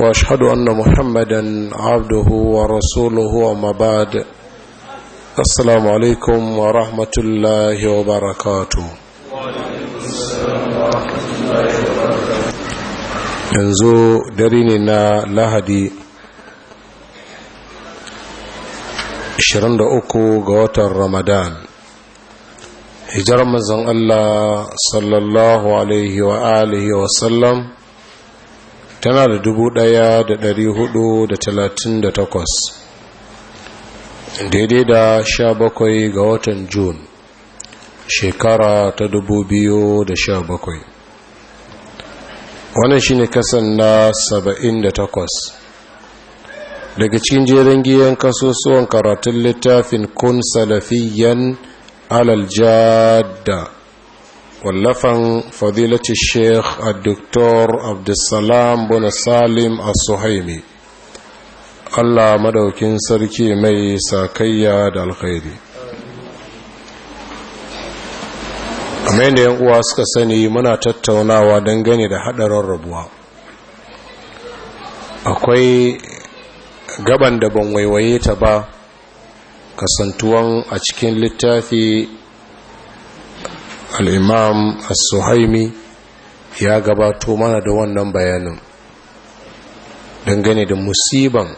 واشهد ان محمدا عبده ورسوله وما بعد السلام عليكم ورحمه الله وبركاته yanzu dare ne na lahadi 23 ga watan ramadan hijar mazan allah sallallahu alaihi wa alihi wasallam tana da dubu ɗaya da ɗari hudu da talatin da takwas daidai da sha bakwai ga watan Jun shekara ta dubu biyu da sha bakwai wannan shine kasan na saba'in da takwas daga cikin jerin giyan kasusuwan karatun littafin kun salafiyan alaljada wallafan fadilati sheikh a doktor abdulsalam bin salim a suhaimi allah madaukin sarki mai sakayya da alkhairi kamar yadda yan uwa suka sani muna tattaunawa gani da hadarin rabuwa akwai gaban da ban waiwaye ta ba kasantuwan a cikin littafi al'imam al suhaimi ya gabato mana da wannan bayanin dangane da musiban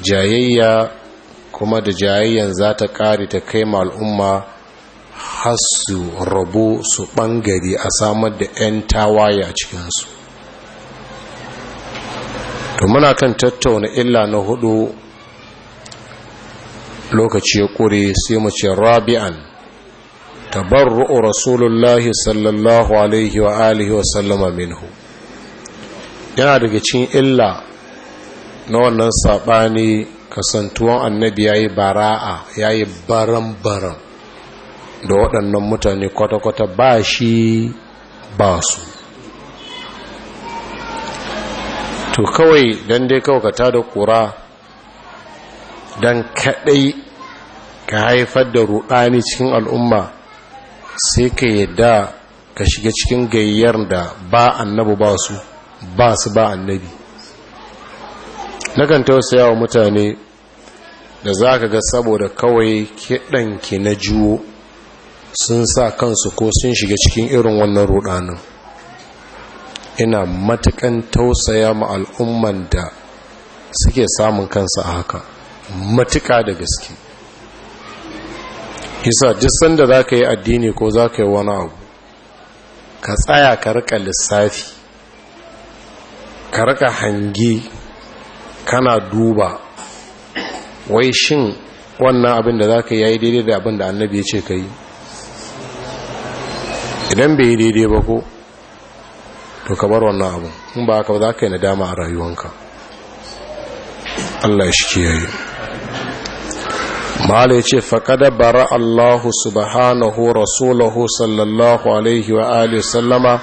jayayya kuma da jayayyan za ta ƙari ta kai ma al'umma hasu rabo rabu su ɓangare a samar da 'yan tawaye a cikinsu to muna kan tattauna illa na hudu lokaci ya ƙure sai mace rabi'an tabarru'u rasulullahi sallallahu alaihi wa alihi wa sallama minhu yana daga cikin illa na wannan saɓani kasantuwan annabi ya yi bara'a ya yi baran-baran da waɗannan mutane kwata-kwata ba shi ba su to kawai don dai kawai ka ƙura don kaɗai ka haifar da ruɗani cikin al'umma sai ka yadda ka shiga cikin gayyar da ba annabi ba su ba su ba annabi nakan tausaya wa mutane da za ka ga saboda kawai kiɗanki na juwo sun sa kansu ko sun shiga cikin irin wannan rudanin ina matukan tausaya ma al'umman da suke samun kansa a haka matuka da gaske kisa duk sanda za ka yi addini ko za ka yi wani abu ka tsaya ka rika lissafi ka rika hangi kana duba wai shin wannan abin da za ka yi daidai da abin da annabi ya ce ka yi idan bai yi daidai ba ko to ka bar wannan abin in ba ka ba za ka yi na dama a rayuwanka Allah shi kiyaye malai ce faƙada bara allahu subhanahu rasulahu sallallahu alaihi wa alihi sallama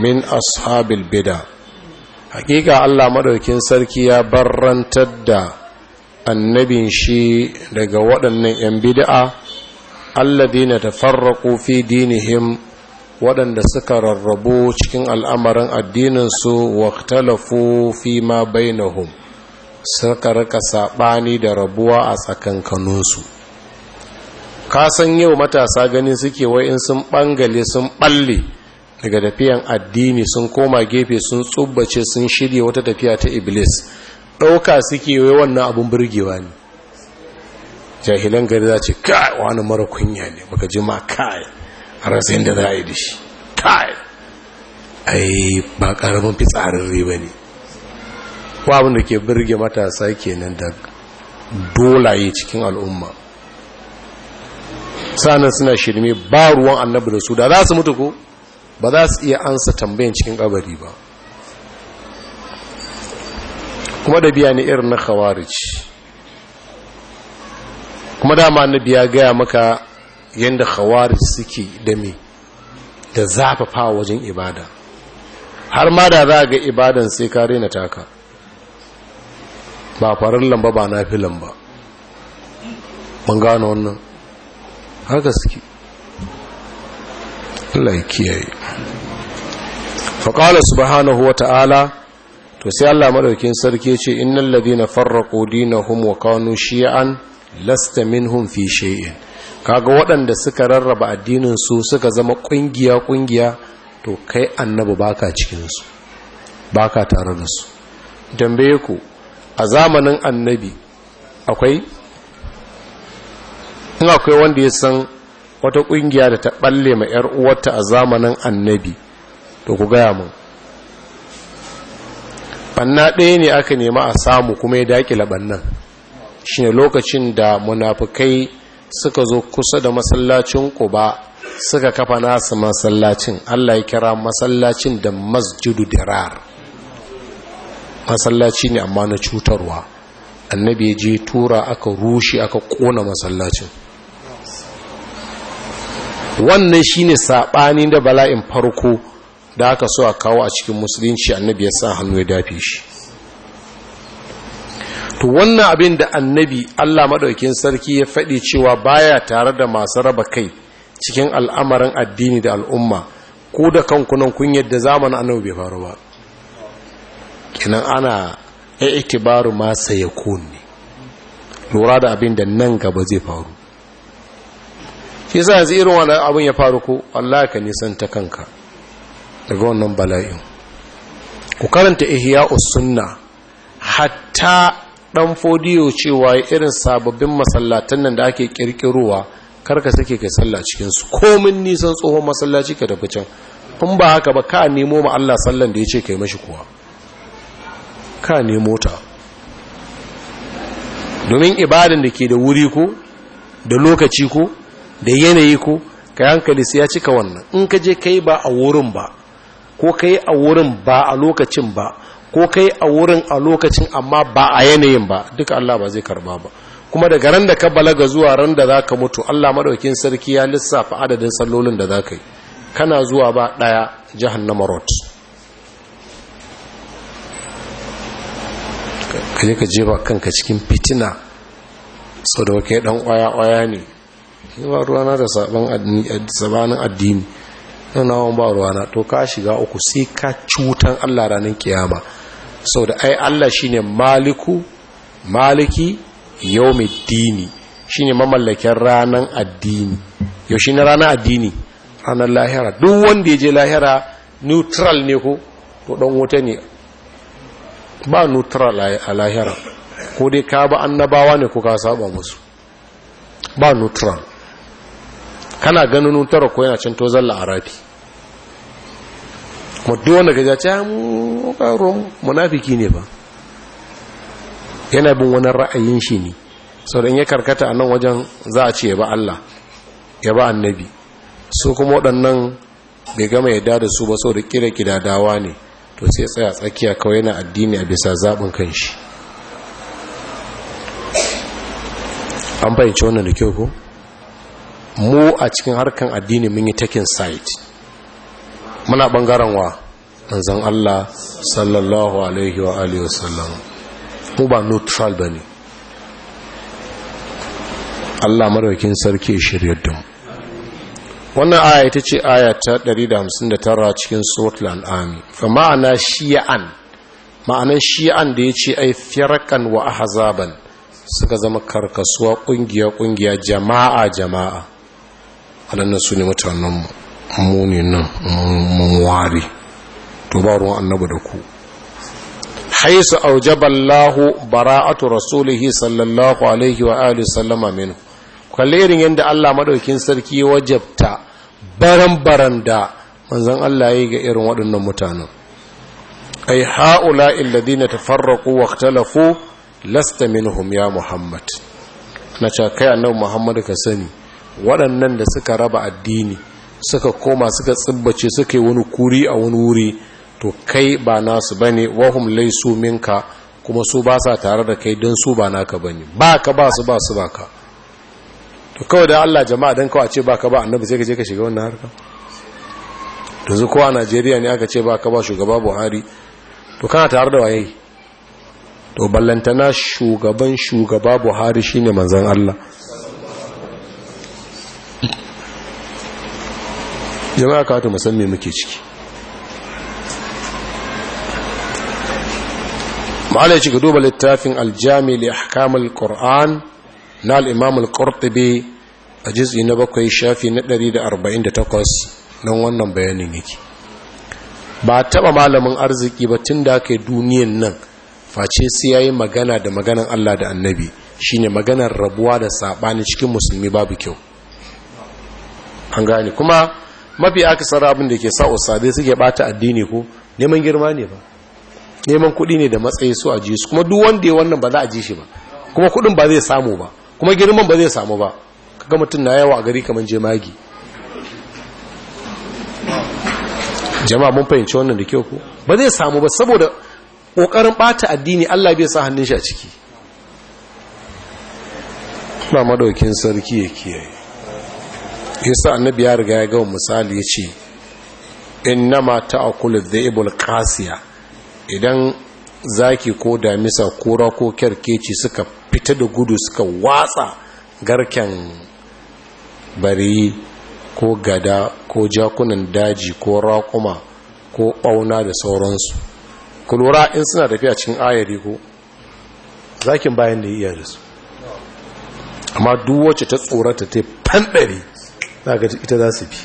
min ashabil bida hakika allah maɗaukin sarki ya barrantar da annabin shi daga waɗannan 'yan bida'a Allah alladina tafarraqu fi dinihim waɗanda suka rarrabu cikin al'amarin addininsu waktalafu fi ma bainahum suka rika saɓani da rabuwa a tsakankaninsu ka san yau matasa ganin suke wa'in sun ɓangale sun ɓalle daga tafiyan addini sun koma gefe sun tsubbace sun shirya wata tafiya ta iblis ɗauka suke wai wannan abin burgewa ne jahilan gari za ce kai wani mara kunya ne baka ji ma kai a rasayin da za a yi da shi kai ai ba ƙaramin fitsarin riba ne ko abin da ke birge matasa kenan da dolaye cikin al'umma sanan suna shirme ba ruwan annabi da su da za su mutu ko ba za su iya ansa tambayin cikin kabari ba kuma da biya ne irin na khawarij kuma dama na biya gaya maka yadda khawarij suke da me da zafafa wajen ibada har ma da za a ga ibadan sai ka rena taka ba lamba ba na fi lamba. ban gano wannan haka suke Allah ya kiyaye faƙala subhanahu wa ta'ala to sai Allah maɗaukin sarki ce innal ladina na humwa wa kanu shi'an lasta minhum fi shay'in kaga waɗanda suka rarraba addininsu suka zama ƙungiya ƙungiya to kai annabi baka cikinsu baka tare da su dambe ku a zamanin annabi akwai in akwai wanda ya san wata ƙungiya da ta ɓalle ma 'yar uwarta a zamanin annabi to ku gaya mun Banna ɗaya ne aka nema a samu kuma ya daƙi ɓannan shi ne lokacin da munafukai suka zo kusa da masallacin ba suka kafa nasu masallacin allah ya kira masallacin da masjidu dirar masallaci ne amma na cutarwa annabi ya je tura aka rushe aka kona masallacin wannan shine saɓani da bala'in farko da aka so a kawo a cikin musulunci annabi ya sa hannu ya dafe shi to wannan abin da annabi Allah maɗaukin sarki ya faɗi cewa baya tare da masu raba kai cikin al'amarin addini da al'umma ko da kankunan kun yadda zamanin annabi bai faru ba kinan ana ya itibaru ma ya kunne lura da abin da nan gaba zai faru shi sa yanzu irin wani abin ya faru ko Allah ka nisan ta kanka daga wannan bala'in ku karanta ihya usunna hatta dan fodiyo cewa irin sababbin masallatan nan da ake kirkirowa karka sake kai sallah cikin su komin nisan tsohon masallaci ka da can in ba haka ba ka nemo ma Allah sallan da yace kai mashi kuwa ka ne mota domin ibadan da ke da wuri ko da lokaci ko da yanayi ko ka hankali sai ya cika wannan in ka je kai ba a wurin ba ko kai a wurin ba a lokacin ba ko kai a wurin a lokacin amma ba a yanayin ba duka Allah ba zai karba ba kuma daga ran da ka balaga zuwa ran da za ka mutu Allah maɗaukin sarki ya lissafa adadin sallolin da za ka yi kana zuwa ba ɗaya na rot ka je ka kanka cikin fitina sau da wake dan kwaya-kwaya ne ba ruwana da sabanin addini na wani ba ruwana to ka shiga uku sai ka cutan allah ranar kiyama sau da ai allah shine maliku maliki yaumi dini shine mamallakin ranar addini yau shine na ranar addini ranar lahira duk wanda ya je lahira neutral ne ko to dan wuta ne ba neutral a lahira ko dai ka ba annabawa ne ko ka saba musu ba neutral kana ganin neutral ko yana cin tozon a rafi. duk wanda gaja ce ah, mu munafiki ne ba yana bin wani ra'ayin shi ne sau in ya karkata a nan wajen za a ce ya ba Allah ya ba annabi su kuma waɗannan bai gama yadda da su ba sau da kira dawa ne to sai tsaya tsakiya kawai yana addini a bisa zaɓin shi. an fahimci wannan da kyau ko mu a cikin harkan addini mun yi takin site muna ɓangaren wa ɗanzan Allah sallallahu alaihi wa alihi wasallam mu ba neutral ba ne Allah maraukin sarki shirya dum wannan aya ita ce aya ta 159 cikin sotland army fa ma'ana shi'an ma'anan shi'an da ce ai fiyarkan wa ahazaban suka zama karkasuwa kungiya kungiya jama'a jama'a alannan su ne mutanen mu ne nan mun ware to ba ruwan annaba da ku haisu aujaballahu bara'atu rasulihi sallallahu alaihi wa alihi sallama minu kwallerin yadda Allah madaukin sarki wajabta baran-baran da manzan Allah ya yi ga irin waɗannan mutanen ai ha'ula illadina tafarraqu wa ikhtalafu lasta minhum ya muhammad na kai annabi muhammad ka sani waɗannan da suka raba addini suka koma suka tsibbace suka wani kuri a wani wuri to kai ba nasu bane wahum laysu minka kuma su ba sa tare da kai dan su ba naka bane ba ka ba su ba su ba ka to kawai da Allah jama'a dan kawai ce baka ba annabi sai ka je ka shiga wannan harka zuwa kowa a Najeriya ne aka ce baka ba shugaba Buhari to kana tare da waye to ballantana shugaban shugaba Buhari shine manzon Allah jama'a ka ta musamman muke ciki ma'ala ya ci duba littafin aljami li ahkamul qur'an na al'imam al-ƙortabe a jizgi na bakwai shafi na 148 don wannan bayanin yake ba taɓa malamin arziki ba tun da aka yi duniyan nan face sai ya yi magana da maganan Allah da annabi shine maganar rabuwa da saɓani cikin musulmi babu kyau an gane kuma mafi aka tsara abin da ke sa usadai suke bata addini ko neman girma ne ba neman kuɗi ne da matsayi su a ji su kuma duk wanda ya wannan ba za a ji shi ba kuma kuɗin ba zai samu ba kuma girman ba zai samu ba kaga mutum na yawa a gari kamar jemagi jama'a mun fahimci wannan da kyau ko ba zai samu ba saboda kokarin bata addini Allah bai sa hannun shi a ciki ba madaukin sarki ya kiyaye yasa annabi ya riga ya ga misali a innama da ibul qasiya idan zaki ko damisa kura ko kerkeci suka fita da gudu suka watsa garken bari ko gada ko jakunan daji ko raƙuma ko ɓauna da sauransu ku in suna tafiya cikin ayari ko zakin bayan da iya da su amma duk ta tsorata ta fanɗari za ita za su bi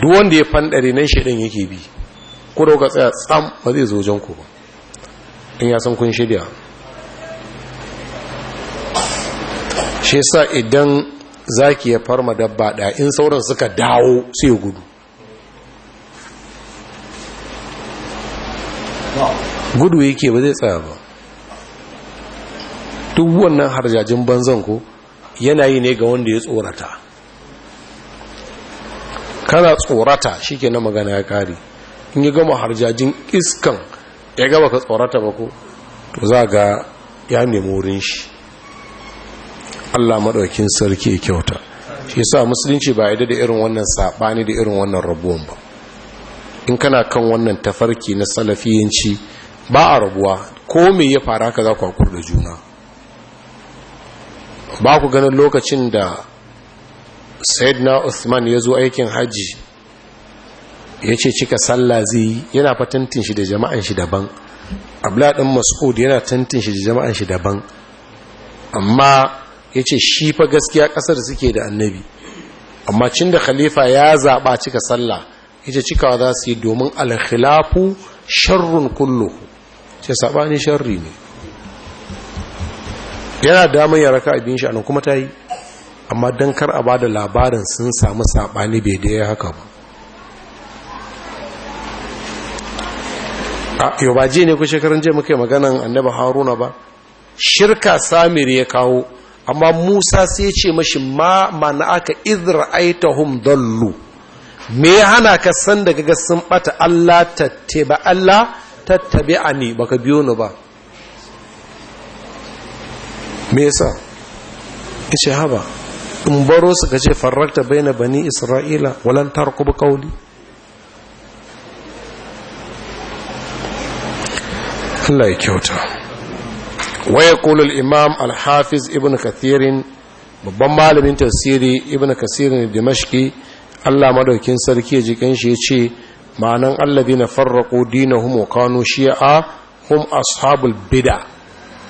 duk wanda ya fanɗari nan shaɗin yake bi ku dauka tsaya tsam ba zai zo ku ba in ya san kun shirya shi sa idan zaki ya farma dabba ɗaya in sauran suka dawo sai ya gudu gudu yake ba zai tsaya ba duk wannan harjajin banzan ko yana yi ne ga wanda ya tsorata kana tsorata shi ke na magana ya kare in yi gama harjajin iskan ya gaba ka tsorata ba ko to za ga ya nemi wurin shi Allah maɗaukin sarki ya kyauta shi yasa musulunci ba yadda da irin wannan saɓani da irin wannan rabuwan ba in kana kan wannan tafarki na salafiyanci ba a rabuwa ko me ya fara ka za ku hakur da juna ba ku ganin lokacin da na Usman ya zo aikin hajji ya ce cika sallah zai yana fa shi da jama'an shi daban abladin mas'ud yana tantin shi da jama'an shi daban amma ya ce shi fa gaskiya ƙasar suke da annabi amma cin da khalifa ya zaɓa cika sallah ya ce cikawa za su yi domin alkhilafu sharrun kullu ce saɓani sharri ne yana damar ya raka abin shi kuma ta yi amma don kar a ba da labarin sun samu saɓani bai da ya haka ba a yau ba ji ne ku shekarun je muka yi maganan annaba haruna ba shirka samir ya kawo amma musa sai ce mashi ma mana aka izra'aitahum dallu me ya hana ka san daga ga sun bata Allah tattaba Allah tattabi ani baka biyo ni ba me yasa ce haba in baro su ka kace farrakta baina bani isra'ila walan tarkub qawli Allah ya kyauta waya kulul imam alhafiz ibn kathirin babban malamin tafsiri ibn kathirin dimashki allah madaukin sarki jikin shi ya ce ma'anan allabi na farraƙo dinahum wa kanu shi'a hum ashabul bid'a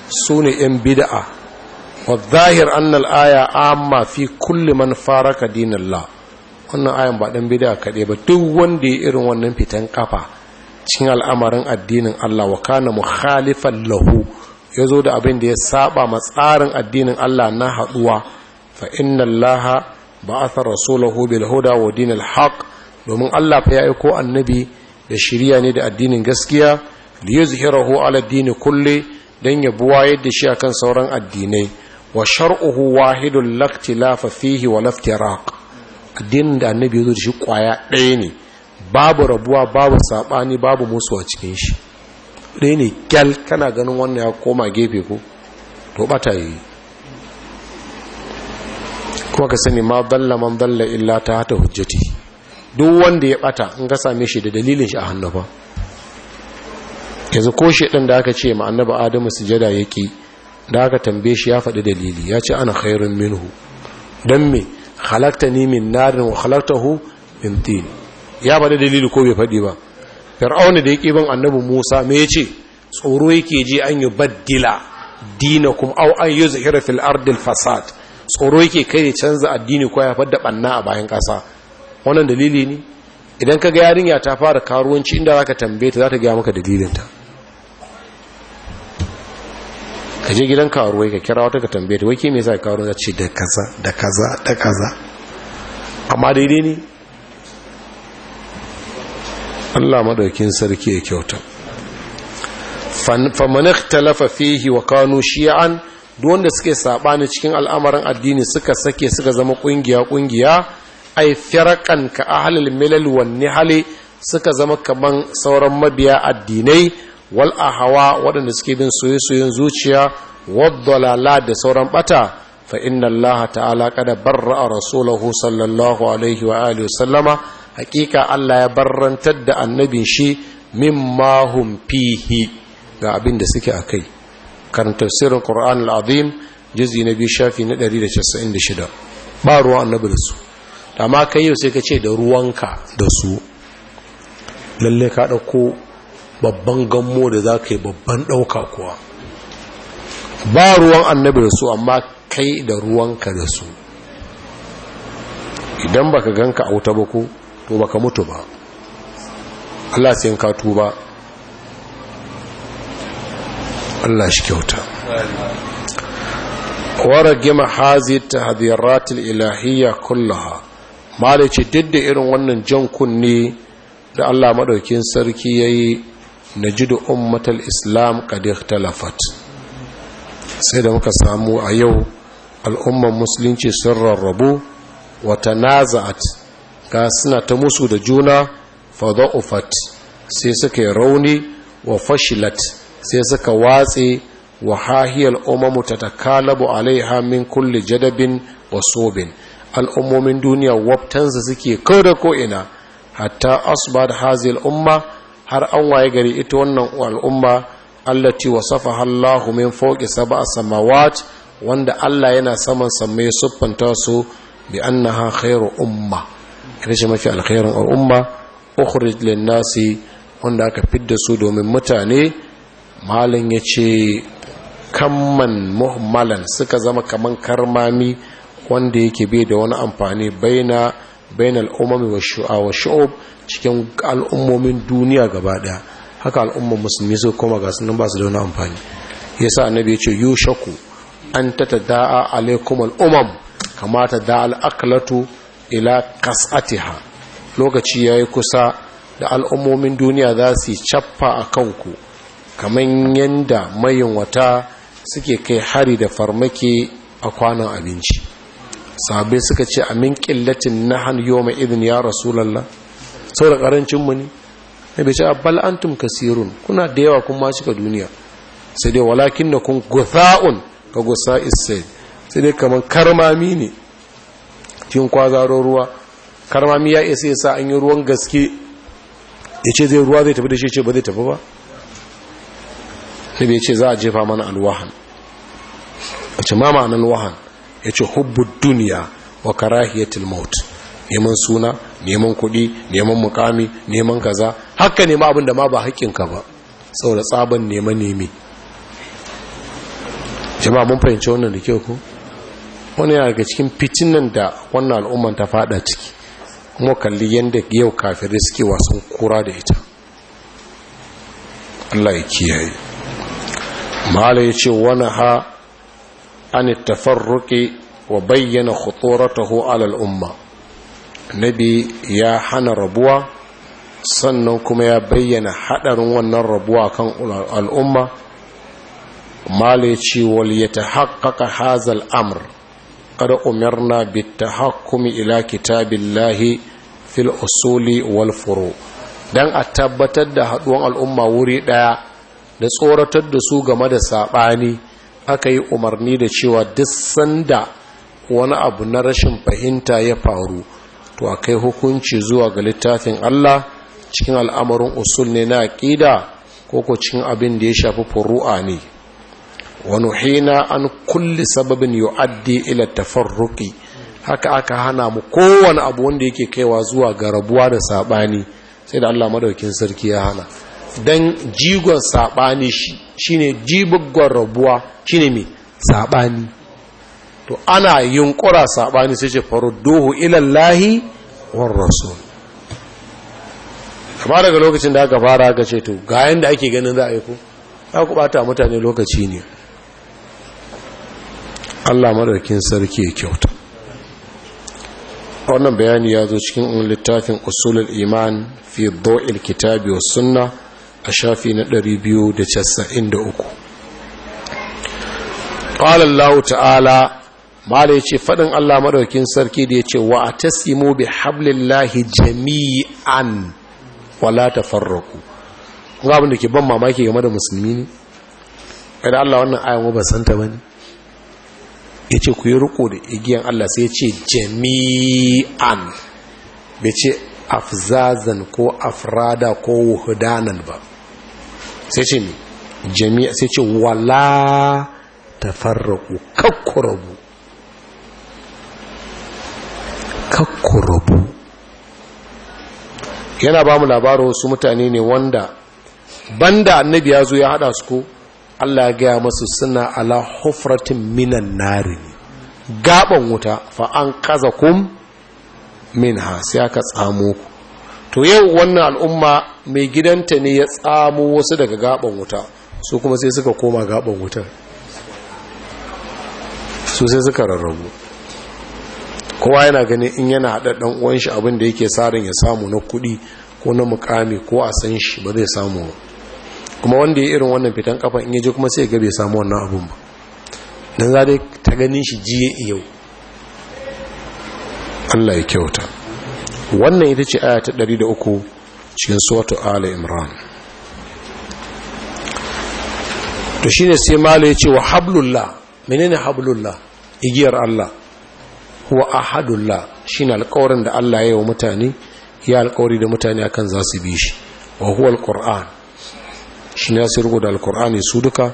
sune ne 'yan bid'a والظاهر anna الآية aya في كل من فارق دين الله wannan ayan ba dan bid'a kade ba duk wanda ya irin wannan fitan kafa cikin al'amarin addinin Allah wa kana mukhalifan lahu ya zo da abin da ya saba ma tsarin addinin Allah na haduwa fa inna Allah ba'atha rasulahu bil huda wa dinil haqq domin Allah fa ya aiko annabi da shiriya ne da addinin gaskiya li yuzhirahu ala dini kulli dan ya buwa yadda shi akan sauran addinai wa shar'uhu wahidul laktilafa fihi wa laftiraq addinin da annabi ya zo da shi kwaya ɗaya ne babu rabuwa babu sabani babu musu a cikin shi ɗaya ne kyal kana ganin wannan ya koma gefe ko to bata yi kuma ka sani ma dalla man dalla illa ta hata hujjati duk wanda ya bata in ka same shi da dalilin shi a hannu ba yanzu ko shi ɗin da aka ce ma annaba adamu sujada yake da aka tambaye shi ya faɗi dalili ya ce ana khairun minhu don me halakta ni min narin wa hu min tin ya faɗi dalili ko bai faɗi ba fir'auna da yake bin annabi musa me ce tsoro yake ji an yi baddila dinakum aw an yuzhira fil ardi fasad tsoro yake kai canza addini ko ya fadda banna a bayan kasa wannan dalili ne idan kaga yarinya ta fara karuwanci inda zaka tambaye ta zata ga maka dalilin ta ka je gidan karuwai ka kira wata ka tambaye ta wai ke me yasa karuwa ce da kaza da kaza da kaza amma daidai ne Allah madaukin sarki ya kyauta famanik ikhtalafa fihi wa kanu shi'an duk wanda suke sabani cikin al'amarin addini suka sake suka zama kungiya kungiya ay firaqan ka ahlil milal wan nihali suka zama kaman sauran mabiya addinai wal ahawa waɗanda suke bin soyayyen zuciya wad dalala da sauran bata fa inna Allaha ta'ala qad barra rasulahu sallallahu alaihi wa alihi wa sallama hakika Allah ya barrantar da annabin shi min mahum fihi ga abin da suke akai kan tafsirin Qur'an al-Azim juz'i na biyu shafi na 196 ba ruwan annabi da su amma kai yau sai ka ce da ruwanka da su lalle ka dauko babban gammo da za ka babban dauka kuwa ba ruwan annabi da su amma kai da ruwanka da su idan baka ganka a wuta ba ko to baka mutu ba Allah sai ka tuba Allah shi kyauta waragima hazi tahdhiratil ilahiyya kullaha malice duk da irin wannan jan kunne da Allah madaukin sarki yayi najidu ummatal islam qad ikhtalafat sai da muka samu a yau al'umman musulunci sun rarrabu wa tanaza'at ka suna ta musu da juna fadha'ufat sai suka yi rauni wa fashilat sai suka watse wa hahiyal umamu tatakalabu alaiha min kulli jadabin wa sobin al'ummomin duniya wabtansa suke kau da ko'ina hatta da hazil umma har an waye gari ita wannan al'umma allati wasafa Allahu min fawqi sab'a samawat wanda Allah yana saman su siffanta su bi annaha khairu umma ita ce mafi alkhairin al'umma ukhrij lin nasi wanda aka fidda su domin mutane malin ya ce kamman muhammalan suka zama kaman karmami wanda yake bai da wani amfani baina bain al'umami wa shu'a wa shu'ub cikin al'ummomin duniya gaba daya haka al'umman musulmi su kuma ga sunan ba su da wani amfani yasa annabi ya ce yushaku an tatada'a alaikum al'umam kamata da al'aklatu ila kasatiha lokaci ya yi kusa da al'ummomin duniya za su cappa a kanku kamar yadda mayin wata suke kai hari da farmaki a kwanon abinci sabai suka ce amin ƙillatin na hannu mai idin ya rasulallah sau da ƙarancinmu ne na bai ce abbal antum kasirun kuna da yawa kun ma cika duniya sai dai walakin na kun gutha'un ga gusa isai sai dai kamar karmami ne cikin kwazaron ruwa karmami ya isa yasa an yi ruwan gaske ya ce zai ruwa zai tafi da shi ce ba zai tafi ba ya ce za a jefa mana alwahan a ce ma ma'anin wahan ya ce hubbu duniya wa karahiyatul maut neman suna neman kuɗi neman mukami neman kaza haka nema abin da ma ba haƙƙinka ba saboda tsaban nema nemi jama'a mun fahimci wannan da kyau ko wani yana daga cikin fitinan da wannan al'umman ta fada ciki kuma kalli yadda yau kafirai suke wasan kura da ita Allah ya kiyaye mala ya ce wani ha an tafarruƙi wa bayyana khuturatahu al'umma umma nabi ya hana rabuwa sannan kuma ya bayyana hadarin wannan rabuwa kan al'umma mahala ya ce wal haƙaƙa hazal Amur. kada umarna bitta hakumi ila kitabillahi fil usuli walfuro. furu a tabbatar da haduwan al'umma wuri ɗaya da tsoratar da su game da saɓani aka yi umarni da cewa duk sanda wani abu na rashin fahimta ya faru to a kai hukunci zuwa ga littafin Allah cikin al'amarin usul ne na aƙida ko ko cikin abin da ya shafi furu'a ne wani hina an kulle sababin yu'addi ila haka aka hana mu kowane abu wanda yake kaiwa zuwa ga rabuwa da saɓani, sai da Allah madaukin sarki ya hana dan jigon saɓani shi shine jibugon rabuwa shine mai saɓani, to ana yunkura saɓani sai ce faru duhu Allahi war rasul daga lokacin da aka fara aka ce to ga yadda ake ganin za a yi ko ku bata mutane lokaci ne Allah maɗaukin sarki ya kyauta wannan bayani ya zo cikin littafin usulul iman fi dho'il kitabi was sunna a shafi na 293 qala Allah ta'ala mala ce fadin Allah maɗaukin sarki da yace wa atasimu bi hablillahi jami'an wala tafarraqu ga abin da ke ban mamaki game da musulmi ne kai Allah wannan ayan ba santa bane ya ce ku yi riko da igiyan Allah sai ya ce jami'an bai ce afzazan ko afrada ko wuhudanan ba sai ce ne jami'a sai ce wala tafarraku kakkurabu kakkurabu yana ba mu labarin wasu mutane ne wanda banda annabi ya zo ya hada su ko Allah ya gaya masu suna ala hufratin minan nari gaban wuta fa an kaza kum ha, sai aka tsamo to yau wannan al'umma mai gidanta ne ya tsamo wasu daga gaban wuta su kuma sai suka koma gaban wutar su sai suka rarrabu kowa yana gani in yana haɗaɗɗen uwan shi abin yake sarin ya samu na kuɗi ko na mukami ko a san shi ba zai samu ba kuma wanda ya irin wannan fitan kafa in yaje kuma sai ga bai samu wannan abun ba dan za dai ta ganin shi jiye yau Allah ya kyauta wannan ita ce aya ta 103 cikin suratu ali imran to shine sai malu ya ce wa hablullah menene hablullah igiyar Allah huwa ahadullah shine alƙawarin da Allah ya yi wa mutane ya alƙawari da mutane akan za su bi shi wa huwa alquran shi ne su rubuta alkur'ani su duka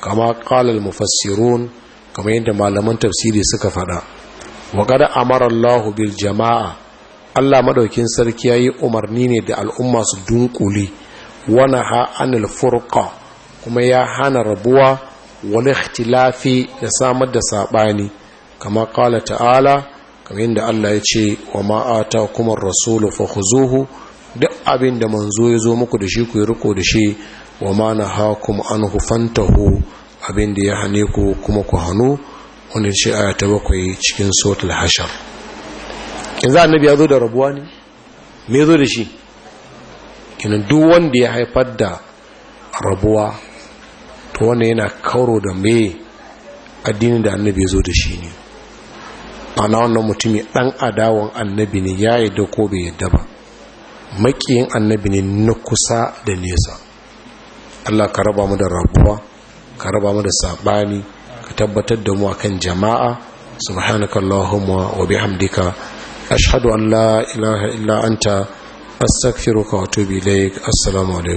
kama kalal mufassirun kama yadda malaman tafsiri suka fada wa kada amara bil jama'a Allah madaukin sarki ya yi umarni ne da al'umma su dunkuli wani ha'anil furka kuma ya hana rabuwa wani ikhtilafi da samar da saɓani kama kala ta'ala kama yadda Allah ya ce wa ma'ata kuma rasulu fa duk abin da manzo ya zo muku da shi ku yi riko da shi wa ma na an anhu fantahu abin da ya hane ku kuma ku hannu wanda ce a ta bakwai cikin suratul hashar In za a nabi ya zo da rabuwa ne me zo da shi kinan duk wanda ya haifar da rabuwa to wanda yana kauro da me addinin da annabi ya zo da shi ne ana wannan mutumi dan adawan annabi ne ya da ko bai yadda ba makiyin annabi ne na kusa da nesa Allah ka raba mu da rabuwa ka raba mu da sabani ka tabbatar da mu akan jama'a subhanaka wa bihamdika ashhadu an la ilaha illa anta astaghfiruka wa atubu ilaik assalamu